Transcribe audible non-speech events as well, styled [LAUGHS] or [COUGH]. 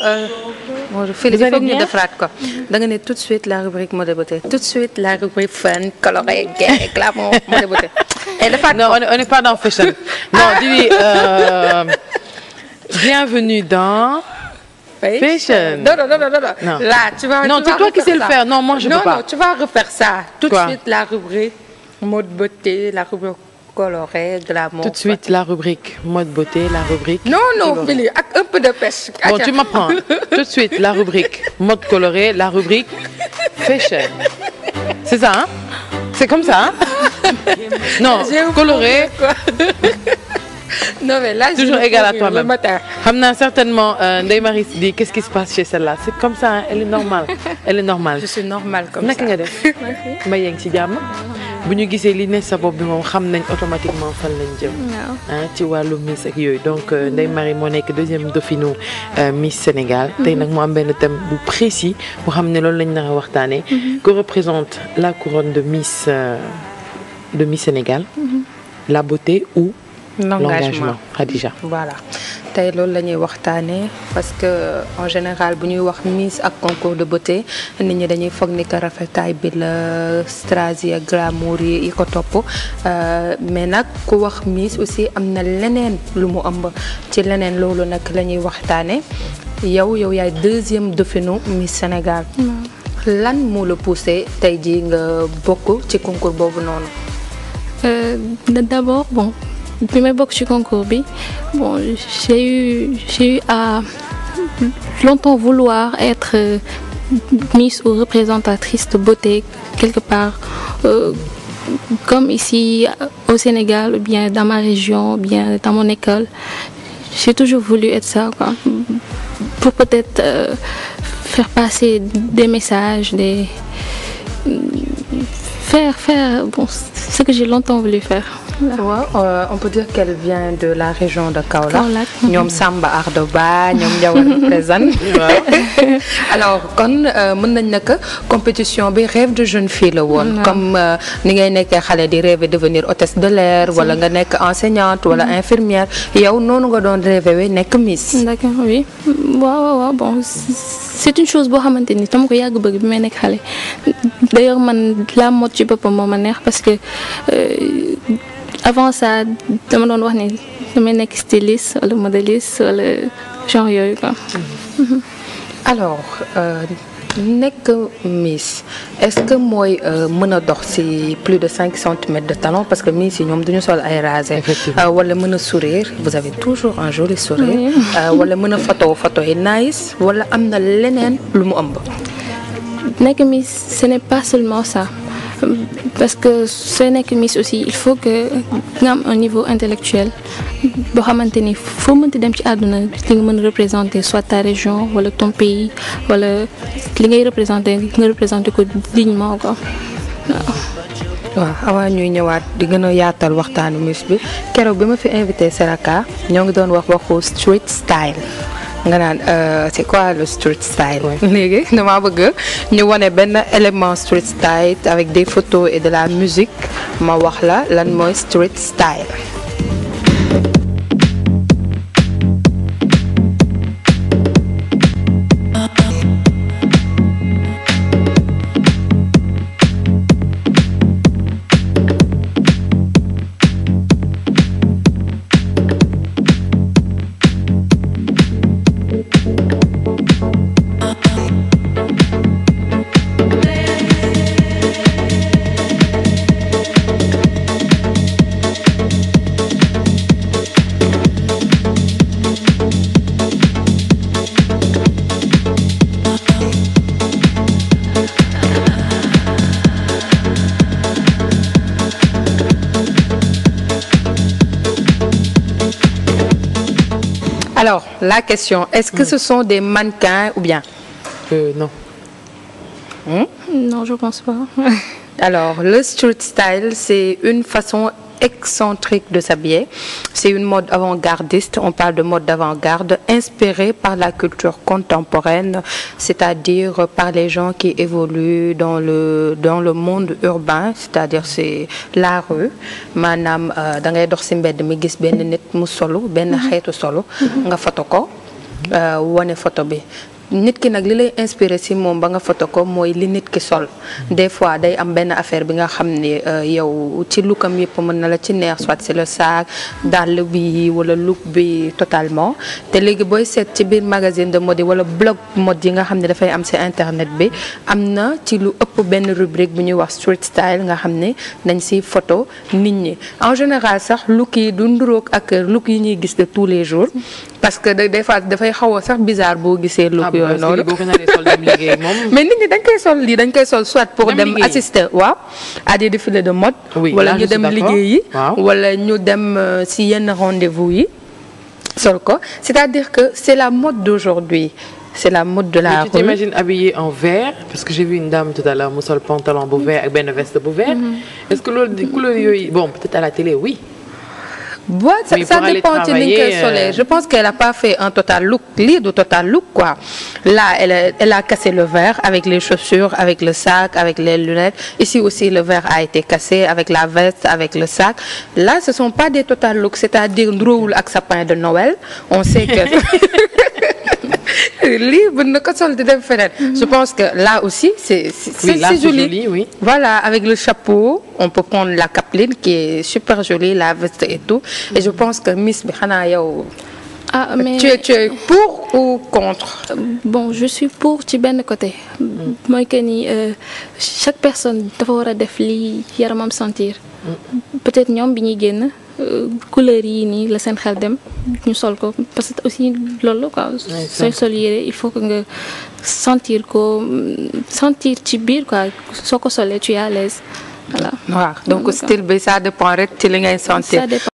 Euh, Modou Félix foog ñu defaraat ko da nga ne tout de suite la rubrique mode beauté tout de suite la rubrique fun coloré gay glamour mode beauté. [LAUGHS] et defaat non on est, on est pas dans fashion [LAUGHS] non ah. dis euh, bienvenue dans. Fashion. Non, non, non, non, non. Là, tu vas, non, tu vas toi qui sais le faire. Non, moi, je ne peux pas. Non, non, tu vas refaire ça. Tout de suite, la rubrique mode beauté, la rubrique coloré, glamour. Tout de suite, la rubrique mode beauté, la rubrique. Non, non, Billy, avec un peu de pêche. Bon, tu m'apprends. [LAUGHS] Tout de suite, la rubrique mode coloré, la rubrique fashion. C'est ça, C'est comme ça, [LAUGHS] Non, coloré. [LAUGHS] toujours égal à toi-même xam certainement euh, Ndeye Marie di qu'est-ce qui se passe chez celle c'est comme ça elle est normale elle est normale. je suis normale comme ça naka nga def. ma yegg ci jàmm. bu ñu gisee li ne sa bi moom xam nañ automatiquement fan lañ jëm. waaw ah, ci wàllu Miss ak yooyu donc euh, mm-hmm. Ndeye mari moo nekk deuxième dauphinu euh, Miss Sénégal. tey mm-hmm. nag moo am benn thème bu précis bu xam ne loolu lañ nar a waxtaanee. Mm-hmm. que représente la couronne de Miss euh, de Miss Sénégal. la beauté ou l'engagement Khadija tey loolu la ñuy waxtaanee parce que en général bu ñuy wax mise ak concours de beauté nit ñi dañuy foog ni que rafetaay bi la strass yi ak glamour yi ko topp euh, mais nag ku wax miis aussi am na leneen lu mu ëmb ci leneen loolu nag la ñuy waxtaanee yow yow yaay deuxième dauphinu Miss Sénégal. Mm-hmm. lan moo la poussé tey jii nga bokk ci concours boobu noonu. Euh, bi may bokk ci concours bi bon j'ai eu j'ai eu à longtemps vouloir être euh, Miss ou représentatrice de beauté quelque part euh, comme ici au Sénégal ou bien dans ma région ou bien dans mon école j'ai toujours voulu être ça quoi pour peut-être euh, faire passer des messages des Faire, faire, bon, c'est ce que j'ai longtemps voulu faire. Voilà. Euh, on peut dire qu'elle vient de la région de Kaolack. ñoom Samba Ardoba ñoom Ndiawar [LAUGHS] Présane. [LAUGHS] alors kon euh, mën nañ ne compétition bi rêve de jeune fille la woon. comme euh, ni ngay nekkee xale di rêver devenir hôtesse de l'air wala nga nekk enseignante wala mm-hmm. infirmière yow noonu nga doon rêver nekk Miss. Mm, waaw waaw bon c'est une chose boo xamante ni tam ko yàgg bëgg bi may nekk xale d'ailleurs man la mode ci boppam moo ma neex parce que euh, avant ça dama doon wax ni damay nekk styliste wala modéliste wala genre yooyu quoi. [LAUGHS] alors euh, nekk est-ce que mooy euh, mën a dox ci plus de cinq centimètres de talon parce que Miss yi ñoom duñu sol ay rasé. wala mën a sourire vous avez toujours un joli sourire. wala mën foto foto photo yi nice wala am na leneen lu mu ëmb. nekk Miss ce n'est pas seulement ça. parce que sooy nekk Miss aussi il faut que nga am un niveau intellectuel boo xamante ni foo mënti dem ci àdduna li nga mën a représenter soit ta région wala ton pays wala li ngay représenter nga représenter ko dignement ko waaw. waaw avant ñuy ñëwaat di gën a yaatal waxtaanu Miss bi keroog bi ma fi invité Seraka ñoo ngi doon wax waxu street style. nga naan euh, c'est quoi le street style. léegi [LAUGHS] damaa bëgg ñu wane benn élément street style avec des photos et de la musique ma wax la lan mooy street style. alors la question est-ce que ce hmm. sont des mannequins ou bien. Euh, non. Hmm? Non, je pense pas. alors le street style c'est une façon excentrique de s'habiller. C'est une mode avant-gardiste, on parle de mode d'avant-garde, inspirée par la culture contemporaine, c'est-à-dire par les gens qui évoluent dans le, dans le monde urbain, c'est-à-dire c'est la rue. maanaam euh, da ngay dox ci mbedd mi gis benn nit mu solo benn mhm. xeetu solo mhm. nga photo ko euh, wane photo bi nit ki nag li lay inspiré si moom ba nga foto ko mooy li nit ki sol des fois day am benn affaire bi nga xam ne euh, yow ci lukam yëpp mën na la ci neex soit si le sac dàll bi wala look bi totalement te léegi booy seet ci biir magazine de mode wala blog mode yi nga xam ne dafay am si internet bi am na ci lu ëpp benn rubrique bu ñuy wax street style nga xam ne dañ si photo nit ñi en général sax look yi du nduroog ak look yi ñuy gis de tous les jours parce que des fois dafay xaw a sax bizarre boo gisee. look ah yooyu noonu [LAUGHS] mais nit ñi dañ koy sol lii dañ koy sol soit pour dem assister waaw. à des défilés de mode. wala ñu dem liggéeyi. wala ñu dem si yenn rendez-vous yi. sol ko c'est-à-dire que c'est la mode d'aujourd'hui c'est la mode de la mais tu t'imagines habillée en vert parce que j'ai vu une dame tout à l'heure mu pantalon bu vert ak benn mm-hmm. est-ce que loolu couleur yooyu bon peut-être à la télé oui. Ouais, ça, mais ça dépend euh, soleil. Je pense qu'elle n'a pas fait un total look, lit du total look, Là, elle a, cassé le verre avec les chaussures, avec le sac, avec les lunettes. Ici aussi, le verre a été cassé la veste, avec le sac. Là, ce ne sont pas des total looks, c'est-à-dire drôle avec de Noël. On sait que... [LAUGHS] [LAUGHS] [LAUGHS] lii mën na ko sol di dem feneen. je mhm. pense que là aussi c'est c'est oui, c'est joli. joli oui. voilà avec le chapeau on peut prendre la capeline qui est super jolie la veste et tout. et je mhm. pense que Miss bi xanaa yow. ah mais tu es, tu es pour ou contre. bon je suis pour ci benn côté. Mhm. mooy que ni euh, chaque personne dafa war a def li yaramam sentir. peut-être ñoom bi ñuy génn. Euh, couleur yi nii la seen xel dem ñu sol ko parce que aussi loolu la quoi. sooy sol yére il faut que nga sentir ko sentir ci biir quoi soo ko sole tu es l'aise voilà. donc style bi ça dépend rek ci li ngay sentir.